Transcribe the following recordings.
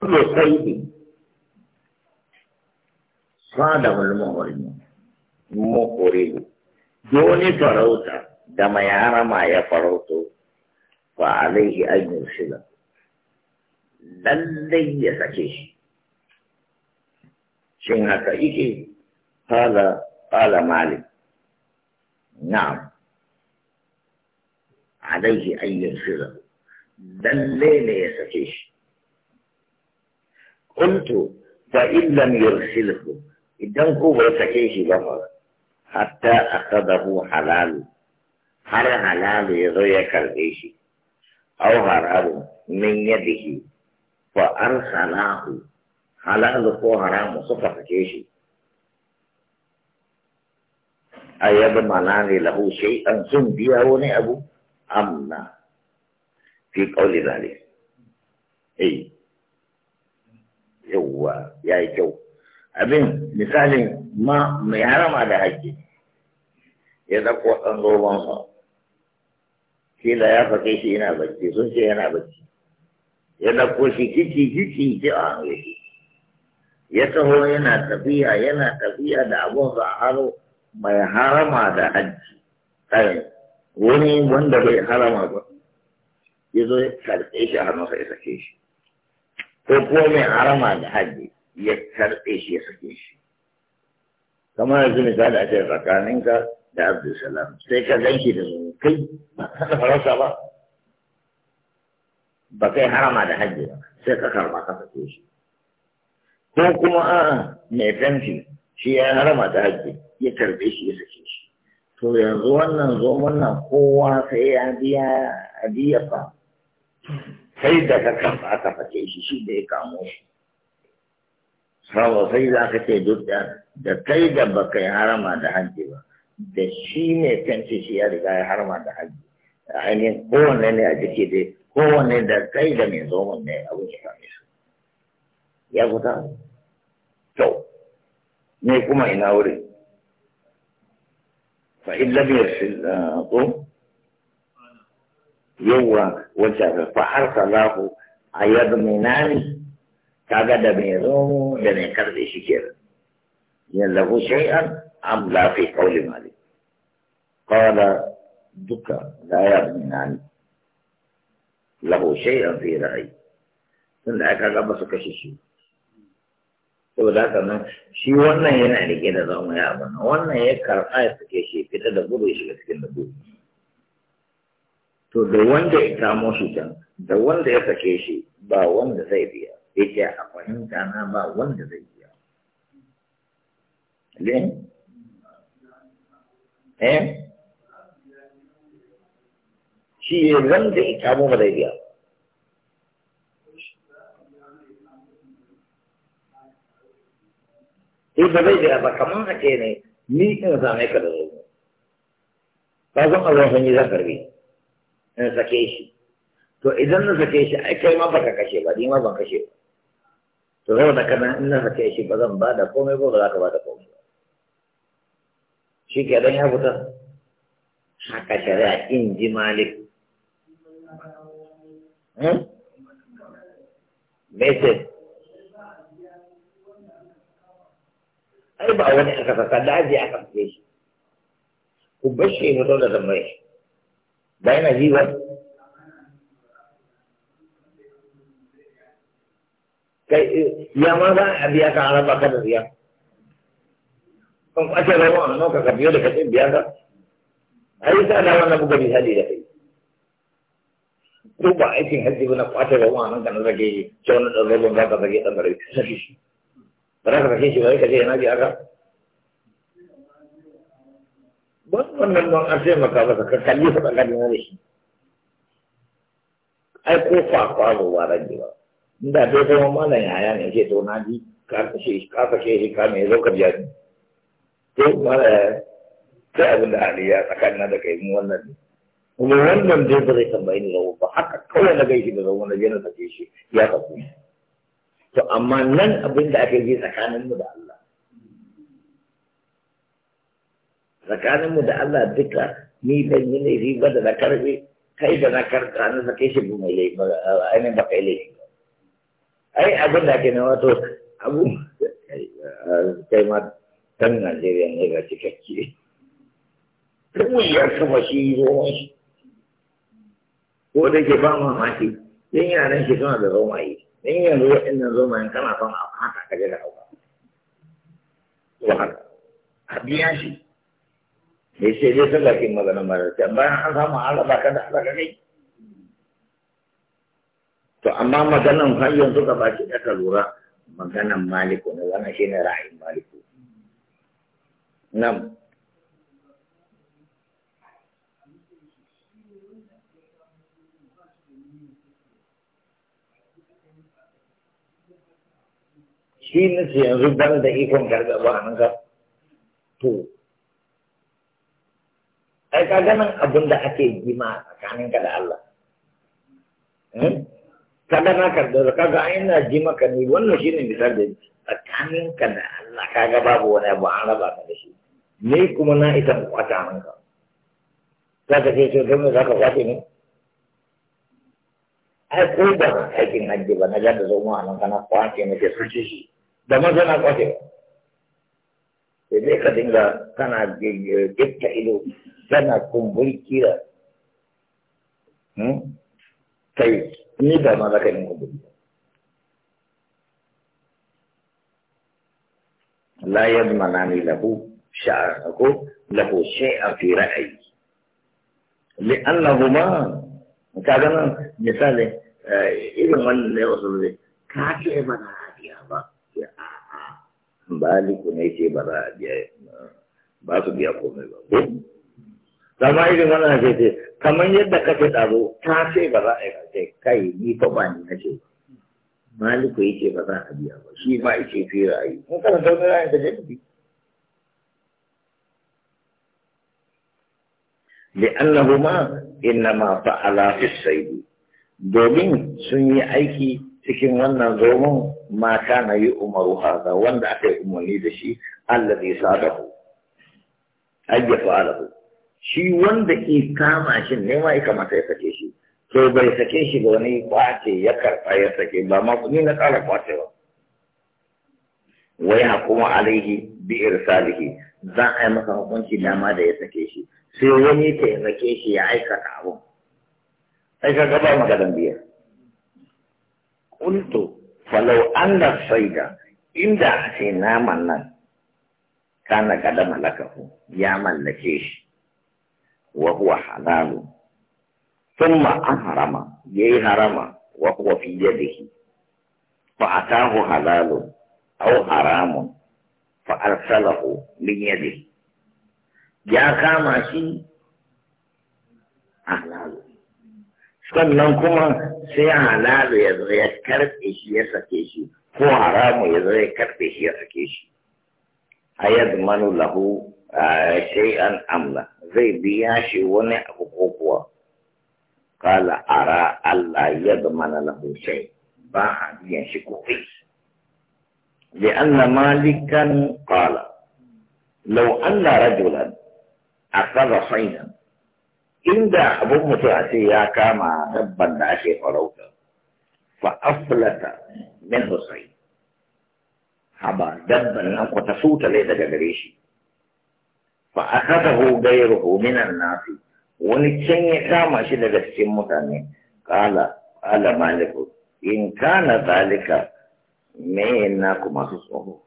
suke kai ne sadamar mahorin mahore ne doni farauta da mai harama ya farauto ba a laihi ainihin shiga lallai ya sake shi shin haka ike fala fala mali na'am alaihi ainihin shiga lallai ne ya sake shi Kuntu da illan yursilhu idan ku bai ke shi ba Hata hatta akadahu halal har halal ya zo ya karbe shi aw haramu min yadihi fa arsalahu halal ko haram su fa sake shi ayyab manani lahu shay'an sun biya wani abu amma fi qawli zalik eh yawwa ya yi kyau abin misalin ma mai harama da haƙƙi ya ɗauko ɗan robansa kila ya faƙe shi yana bacci sun ce yana bacci ya ɗauko shi kiki kiki ce a hannu ya taho yana tafiya yana tafiya da abunsa a haro mai harama da hajji kai wani wanda bai harama ba ya zo ya karɓe shi a hannunsa ya sake shi ko kuma mai harama da hajji ya karɓe shi ya sake shi kamar yanzu misali a ce tsakaninka da abdulsalam sai ka gan shi da kai ba ka farauta ba ba kai harama da hajji ba sai ka karɓa ka sake shi ko kuma a'a mai fenti shi ya harama da hajji ya karɓe shi ya sake shi to yanzu wannan zo wannan kowa sai ya biya biya fa kai da ka kafa aka fake shi shi da ya kamo shi sawa sai za ka ce duk da da kai da ba kai harama da hajji ba da shi ne kanci shi ya riga ya harama da hajji ainihin kowanne ne a jiki dai kowanne da kai da mai zomon ne abin ya same su ya fita to ne kuma ina wurin fa'in lamiyar shi uh, ko yawa wacce fa har ku a yadda mai nani kaga da mai romo da mai karfe shi ke Yin yallahu shay'an am la fi qawli malik qala duka la ya mai nani lahu shay'an fi sun da aka ga su kashe shi saboda haka nan shi wannan yana rike da zama ya abana wannan ya karɓa ya suke shi fita da gudu ya shiga cikin da gudu to da wanda ya kamo shi can da wanda ya sake shi ba wanda zai biya yake a fahimta na ba wanda zai biya ne eh shi wanda ya kamo ba zai biya Eh ba zai biya ba kamar ake ne ni in zame ka da zai ba zan a zan sanyi zan karbi in sake shi to idan na sake shi ai kai ma baka kashe ba ni ma ban kashe ba to zama da kana in na sake shi ba zan ba da komai ko ba za ka ba da komai ba shi ke dan ya fita haka shari'a in ji malik hmm? Mese. ai ba wani aka saka daji aka sake shi ku bashi mutum da tambaye daina jiwar kai ya ma za a biya ka araba ka da riya kan kwace rawa a nan ka biyo da kace biya ka ai ta da wannan buga misali da kai ko ba aikin hajji ba na kwace rawa a nan ka na rage shi wani ɗan rabon za ka rage ɗan rage shi ba ka rage shi ba ka ce yana biya ka ban wannan don an taimaka masa ka kalli su tsakanin wani shi ai ko kwakwa zo ba rage ba inda dai kuma malam yaya ne ke to na ji ka kashe shi ka kashe shi ka mai zo ka biya ni to malam sai abin da ali ya tsakanin da kai mu wannan kuma wannan dai ba zai tambayi ni rawo ba haka kawai na gaishe da rawo na je na sake shi ya tafi to amma nan abin da ake yi tsakanin mu da Allah tsakaninmu da Allah duka ni ban yi laifi ba da na karbe kai da na karka na sake shi bu mai laifi ainihin ba kai laifi ai abin da ke na wato abu kai ma dan Najeriya ne ga cikakke kuma ya kama shi yi roman shi ko da ke ba mamaki yan yaran shi suna da zomaye dan yanzu waɗannan yin kana son a haka kaje da hauka to haka a biya shi me sai dai sallah ke magana mara ta Allah ba ka da Allah to amma maganan har yanzu ka baki da ka lura maganan maliku ne wannan shine ra'ayin maliku nam shi ne yanzu ban da ikon gargaba nan ka to ai ka ganin abin da ake gima hmm? ka da Allah kaga na karɓi kaga ai ina ji maka ni wannan shine ne tsakaninka da ka da Allah kaga babu wani abu an raba ka da shi ni kuma na isa mu kwata nan ka za ka ce to don za ka kwace ne ai ko ba aikin hajji ba na ga da zama a nan kana kwace ne ke suci shi da maza na kwace ba sai dai ka dinga kana gidda ido yana kumburi kira hmm? kai ni da ma zaka yi kumburi la yadmanani lahu sha'an ko lahu shay'an fi ra'ayi li'annahuma kaga nan misali eh, irin wannan ne wasu ne. ka ce ba na biya ba ya a'a baliku ne ce ba za a biya ba su biya komai ba zama irin wannan ce ce kamar yadda ka ce ta ce ba za a yi kai kai ni fa ba ni na ce maliku yake ba za a biya ba shi ma yake fi ra'ayi Mun kana zaune ra'ayi da jaddi ma إنما فعلا في السيد domin sun yi aiki cikin wannan zomon, ma kana yi umaru haza wanda aka yi umarni da shi Allah zai sa ayyafa alahu shi wanda ke kama shi nema ya kamata ya sake shi to bai sake shi ga wani kwace ya karɓa ya sake ba ma kuɗi na ƙara kwace ba wai hakuma alaihi bi irsalihi za a yi masa hukunci dama da ya sake shi sai wani ta ya sake shi ya aikata abu sai ka gaba dan biyar kuntu falau an da saida inda a ce naman nan kana gada malakahu ya mallake shi wa huwa halalu thumma ahrama yayi harama wa huwa fi yadihi fa atahu halalu aw haramun fa arsalahu min yadihi ya kama shi halalu sannan kuma sai halalu ya zo ya karɓe shi ya sake shi ko haramu ya zo ya karɓe shi ya sake shi A ayad manu lahu آه، شيئا أم لا زي بياشي ونع أبو قال أرى ألا يضمن له شيء باع بياشي فيه لأن مالكا قال لو أن رجلا أخذ صينا عند أبو متعسي كما ربا داشي فروتا فأفلت منه صين حبا دبا nan صوتا ليس جدريشي فأخذه غيره من الناس ولكن يقام أشد الاسم تاني قال قال مالك إن كان ذلك ما إنك ما تسمعه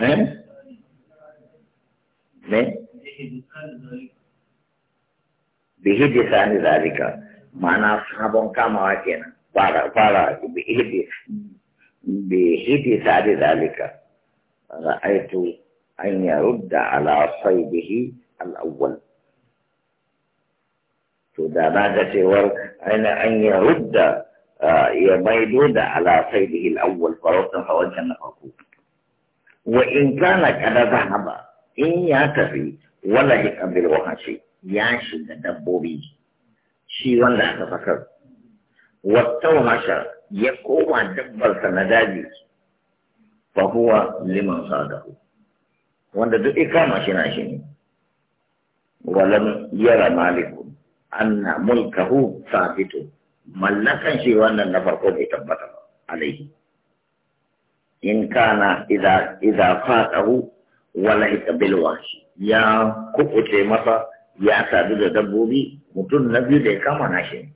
ما بهدي ثان ذلك ما نصحبهم كما وكينا فارا فارا بهدي بهدي ثان ذلك رأيت أن يرد على صيده الأول تدامات تور أن أن يرد آه، يبيدود على صيده الأول فروتا فوجه نفقه وإن كان كذا ذهب إن ولا ولهك شيء ياشي تدبري شي ولا تفكر والتوحش يقوم دبر سنداجي فهو لمن صاده wanda duk ikama shi na shi ne walam yara maliku anna mulkahu sabitu mallakan shi wannan na farko bai tabbata ba alaihi in kana idza idza fatahu wala bil wahshi ya kubuce masa ya sadu da dabbobi mutum na biyu da ya kama na shi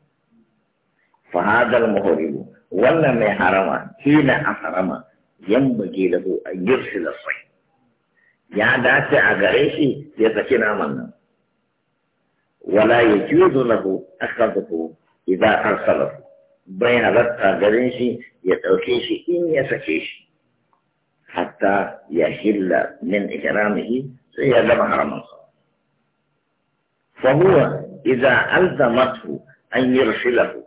fa hadal muhribu wannan mai harama Yan harama yambage lahu an yursila sai يا داسي أغريشي يتكين عمنا ولا يجوز له أخذه إذا أرسله بين رتا غريشي يتوكيشي إن يسكيشي حتى يحل من إكرامه سيد محرم فهو إذا ألزمته أن يرسله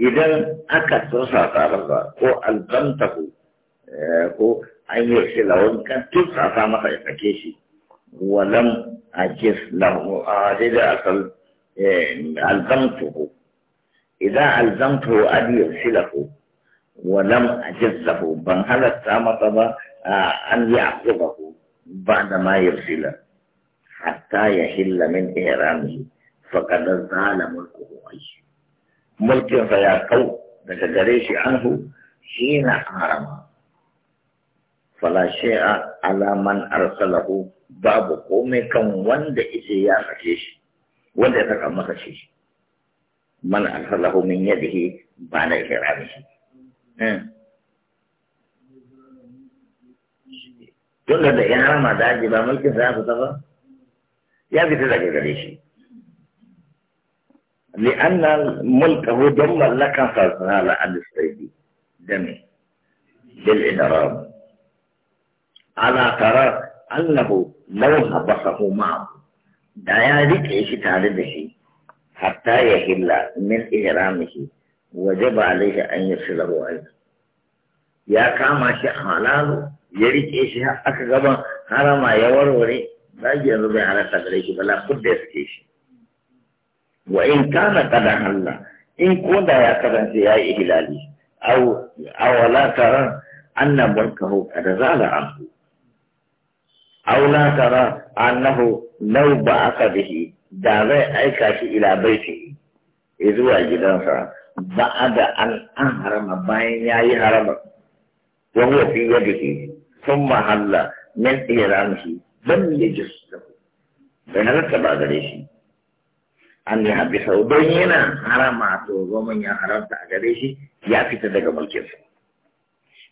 إذا أكثر ساتارغا أو ألزمته آه، أن يرسله كان تبقى فما يفكيشي ولم أجف له أريد أصل ألزمته إذا ألزمته أن يرسله ولم أجف له بل هل التامة أن يعقبه بعد ما يرسله حتى يحل من إحرامه فقد زال ملكه أي ملك فيا قوم نتجريش عنه حين حرمه fala shay'a ala man arsalahu babu komai kan wanda ita ya sake shi wanda ya saka masa shi man arsalahu min yadihi ba na ihrami shi hmm. Don da ya harama da aji ba mulkin sa su fita ba ya fita daga gare shi لأن الملك هو دم لك فصال على الاستيدي دمي بالإدرام ala tara annahu law habasahu ma da ya rike shi tare da shi hatta ya hilla min ihramihi wajaba alaihi an yasilahu aina ya kama shi a halalu ya rike shi aka gaban harama ya warware zagi yanzu bai halatta gare shi Bala lakud ya suke shi wa in kana kada Allah in ko da ya karanta ya yi ihlali aw awala taran anna kada zala anhu aula tara annahu nau ba aka bihi da zai aika shi ila baiti zuwa gidansa ba'ada an an harama bayan ya yi harama Wani huwa fi yadihi thumma halla min don ihramihi bal yajsuhu bai halatta ba gare shi an yi sau don yana harama to goman ya haramta a gare shi ya fita daga mulkinsa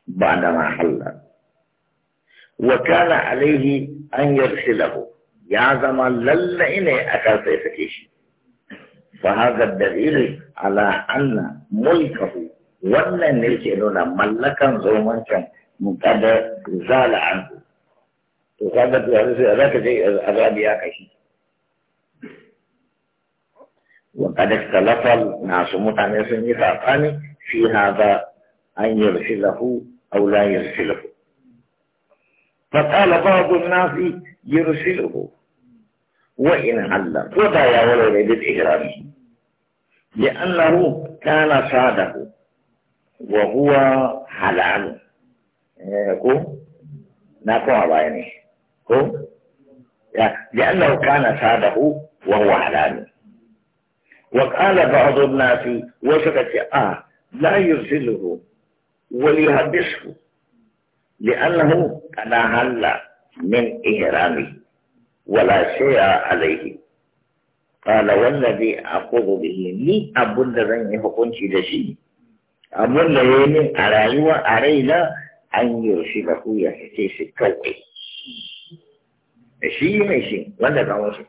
ba da mahalla وكان عليه أن يرسله يا زمان لل إني أكلت فكيش فهذا الدليل على أن ملكه ولا نجلنا ملكا زومنكا مقدر زال عنه وكان ذلك أغلب يا كشي وقد اختلف الناس متعنيس في هذا أن يرسله أو لا يرسله فقال بعض الناس يرسله وإن علم يا ولد بالإجرام لأنه كان ساده وهو حلال يقول نقول يعني هو لأنه كان ساده وهو حلال وقال بعض الناس وشكت آه لا يرسله وليهبسه لأنه أنا هلا من إهرامه ولا شيء عليه قال والذي أقول به لي أبن ذن يحكم شيء أبن ذن أرأي وأرينا أن يرسله يحسيس الكوكب شيء ما شيء ولا كمان شيء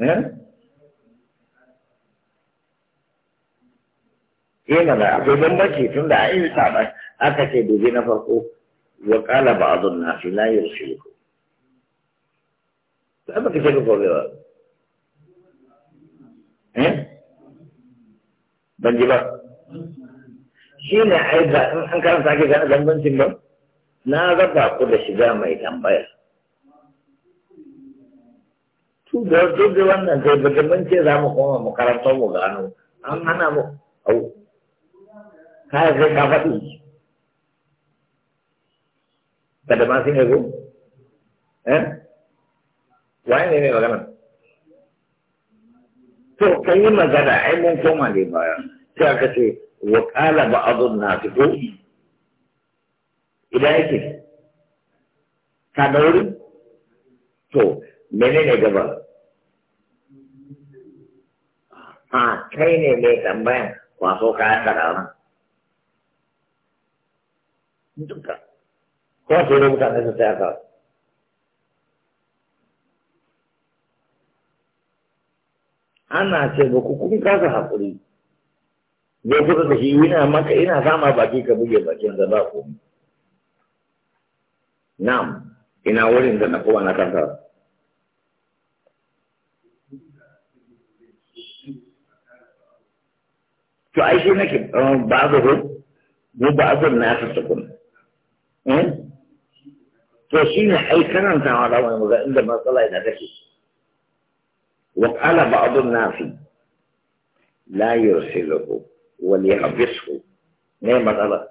ها eh da akwai bambanci tun da an yi saba aka ce dubi na farko wa qala na nasi la yusiku da ba kace ko ba eh ban ji ba shi ne a ai ba an karanta ake gane bambancin ba na raba ku da shiga mai tambaya tu da duk wannan sai ba bambance za mu koma mu karanta mu gano an hana mu au ka zai ka faɗi kada ma sai ko eh wai ne ne magana to kai yi magana ai mun koma ne baya sai aka ce wa qala ba'dun nasi ko idan yake ka dauri to menene gaba a ah, kai ne mai tambayan kwaso kayan karawa duka ko sai ne mutane su tsaya ka ana ce ba ku kun kasa haƙuri zai kusa da shi wina maka ina sama baki ka buge bakin da ba ku na'am ina wurin da na kuma na kanta to aishi shi nake um, ba zuhu mu ba azur na ta tukuna Eh? to shi ne ai karantawa da wani maza inda matsala da take wa qala ba'dun nafi la yursiluhu wa li habishu ne matsala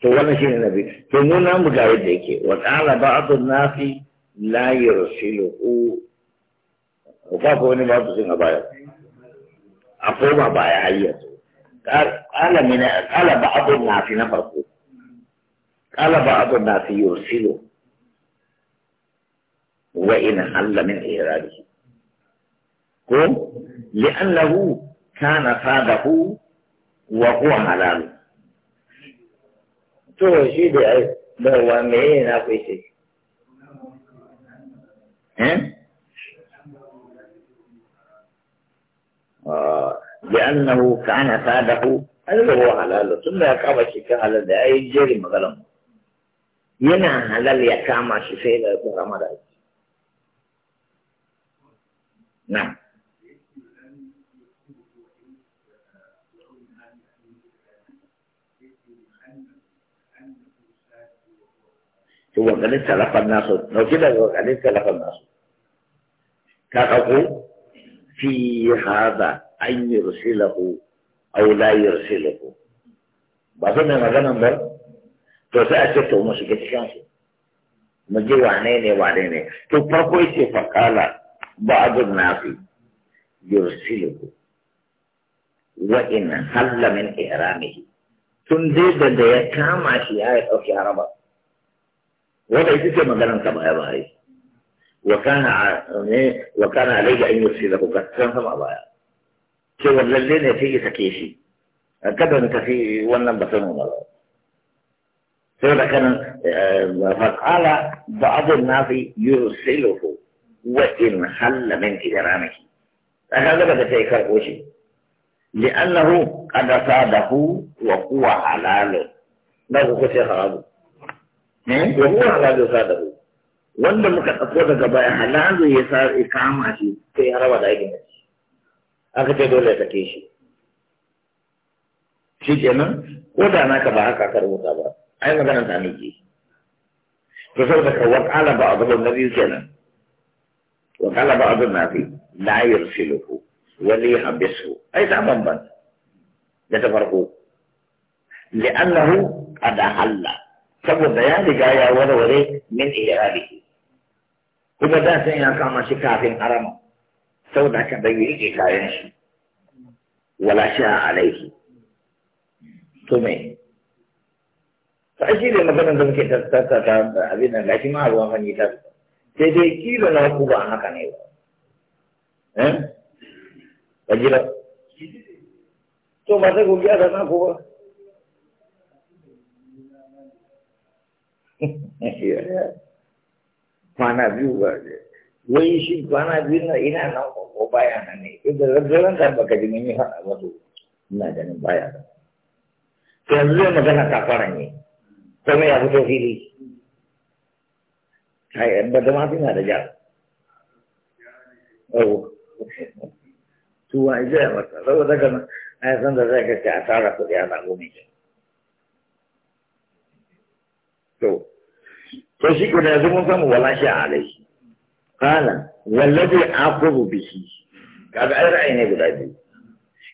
to wani shi ne na nabi to nuna na mu ga yadda yake wa qala ba'dun nafi la yursiluhu ko ba ko ne ba su sun a baya a koma baya har قال من قال بعض الناس نفرقوا قال بعض الناس يرسلوا وإن حل من إيراده كم لأنه كان صادق وهو حلال تو شي da wa meye na kai لأنه كان فاده ألا هو حلاله ثم يقام شكا على أي جري مغلم ينا هذا اللي شيء يقام رأي نعم هو قد استلف الناس لو كده هو قد استلف الناس كأقول في هذا an yi yursilahu aw la yursilahu ba zan mai magana ba to sai a ce to mu shiga cikin su mu ji wane ne wane ne to farko yace fakala ba'dun nafi yursilahu wa in halla min ihramihi tun dai da ya kama shi ya yi ɗauki haraba wanda ita ce maganar ta baya baya wa kana ne wa kana alayhi an yursilahu gaskiyan sama baya cewa lalle ne sai ya sake shi kada na tafi wannan ba sanin ba sai da kan faƙala ba'adun nafi yursiluhu wa in halla min ijramihi aka ga da sai karɓo shi li'annahu qad sadahu wa huwa halal da ku ce haramu eh wa huwa halal sadahu wanda muka tsako daga baya halal ya sa ikama shi sai ya raba da aikin aka ce dole ya sake shi shi kenan ko da ka ba haka ka rubuta ba ai magana ta ne ke to da ka wakala ba abu da nabi kenan wakala ba abu na fi la yursiluhu wani habisu ai ta bambanta da ta farko li'annahu qad halla saboda ya riga ya warware min irabihi kuma da sai ya kama shi kafin harama sau da haka bai rike kayan shi wala sha alaihi to me ta shi ne maganar da muke tattata ta abin nan gashi ma ruwan fanni ta sai dai kila na ku ba haka ne ba eh ba to ba sai gobe aka san ko ba kwana biyu ba wai shi kwana biyu na ina nan ko baya nan ne idan rajaran ka baka ji mun yi faɗa wato ina ganin baya nan sai yanzu zai magana kafara ne kuma ya fito fili kai yan da ma suna da jar oh tuwa ije ya mata saboda daga nan ai san da zai kace a tara kuɗi a nan gome to to shi ko da yanzu mun samu wala shi a alai قال والذي أقوم به kaga ai ra'ayi ne guda biyu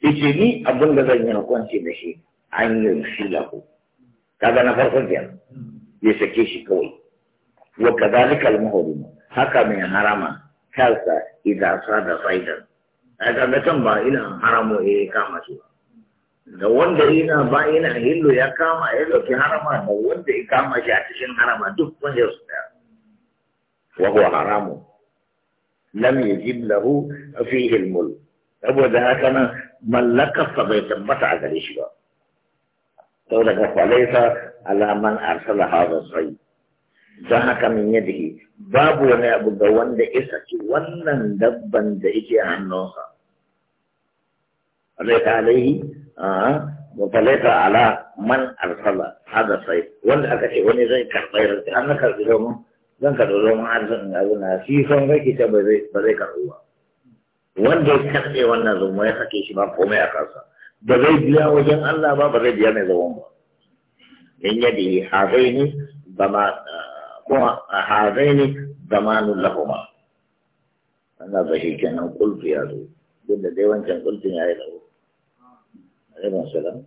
yace ni abin da zan yi hukunci da shi an yi filahu kaga na farko kenan ya sake shi kawai wa kadhalika al-muhrim haka mai harama kansa idan sa da faidan kaga ga ba ina haramu eh kama shi da wanda ina ba ina hillo ya kama ya dauki harama da wanda ya kama shi a cikin harama duk wanda ya su daya wa huwa haramu لم يجب له فيه الملك أبو ده كان ملك الصبيت بتع قريش تقول لك فليس على من أرسل هذا الصيد ده haka min yadihi babu wani abu ga wanda ya saki wannan dabban إجي عن hannunsa alaika alaihi وثلاثة على من أرسل هذا الصيد وأن أكشي وأن زي كرطير أنا كرطير zan ka dole ma arzikin abu na shi son kai ta ba zai karɓu ba wanda ya karɓe wannan zuma ya sake shi ba komai a kansa ba zai biya wajen Allah ba ba zai biya mai zaman ba in ya bi hazaini bama eh, ko eh, hazaini zamanun lahuma Allah ba shi kenan kulfi ya zo duk da dai wancan kulfin ya yi lahu alaikum salam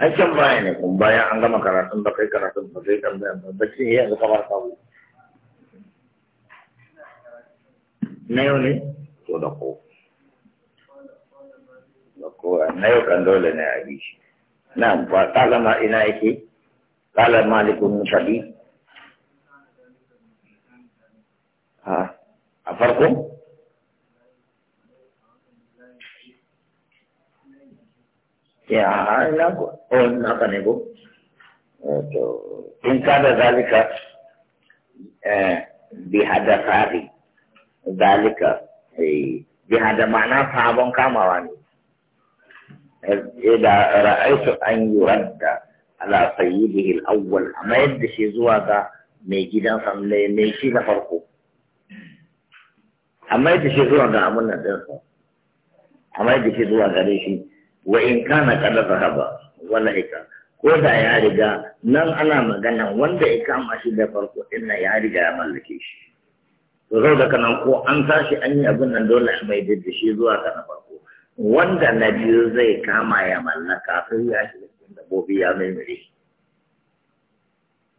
ai can baya ne kun bayan an gama karatun da kai karatun da kai tambayan da bacci ya yanzu kamar kawo na yau ne to da ko da ko na yau kan dole ne a bi shi na ba talama ina yake kalar malikun shabi a farko يا لا أول ما كان يقول إن كان ذلك آه، بهذا فاري ذلك بهذا معنى صعب كامراني إذا رأيت أن يرد على سيده الأول أما يدشي زواغا ميجدا صملي ميشي لفرقه أما يدشي زواغا أمنا دنسا أما يدشي زواغا ليشي wa in kana kada zahaba wala ika ko da ya riga nan ana magana wanda ya kama shi da farko inna ya riga ya mallake shi to zo da kanan ko an tashi an yi abin nan dole a mai da shi zuwa ga na farko wanda na biyu zai kama ya mallaka sai ya shi cikin dabobi ya maimare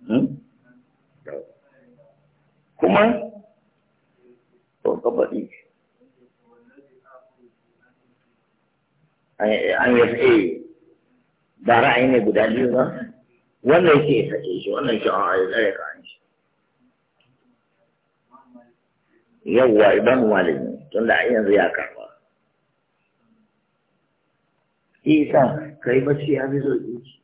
hmm? kuma to kabari an yi sai ba ra'ayi ne guda biyu ba wannan yake ya sake shi wannan shi a ya tsare ka shi yawwa idan malami tun da yanzu ya karba isa kai mashi ya fi zo zuci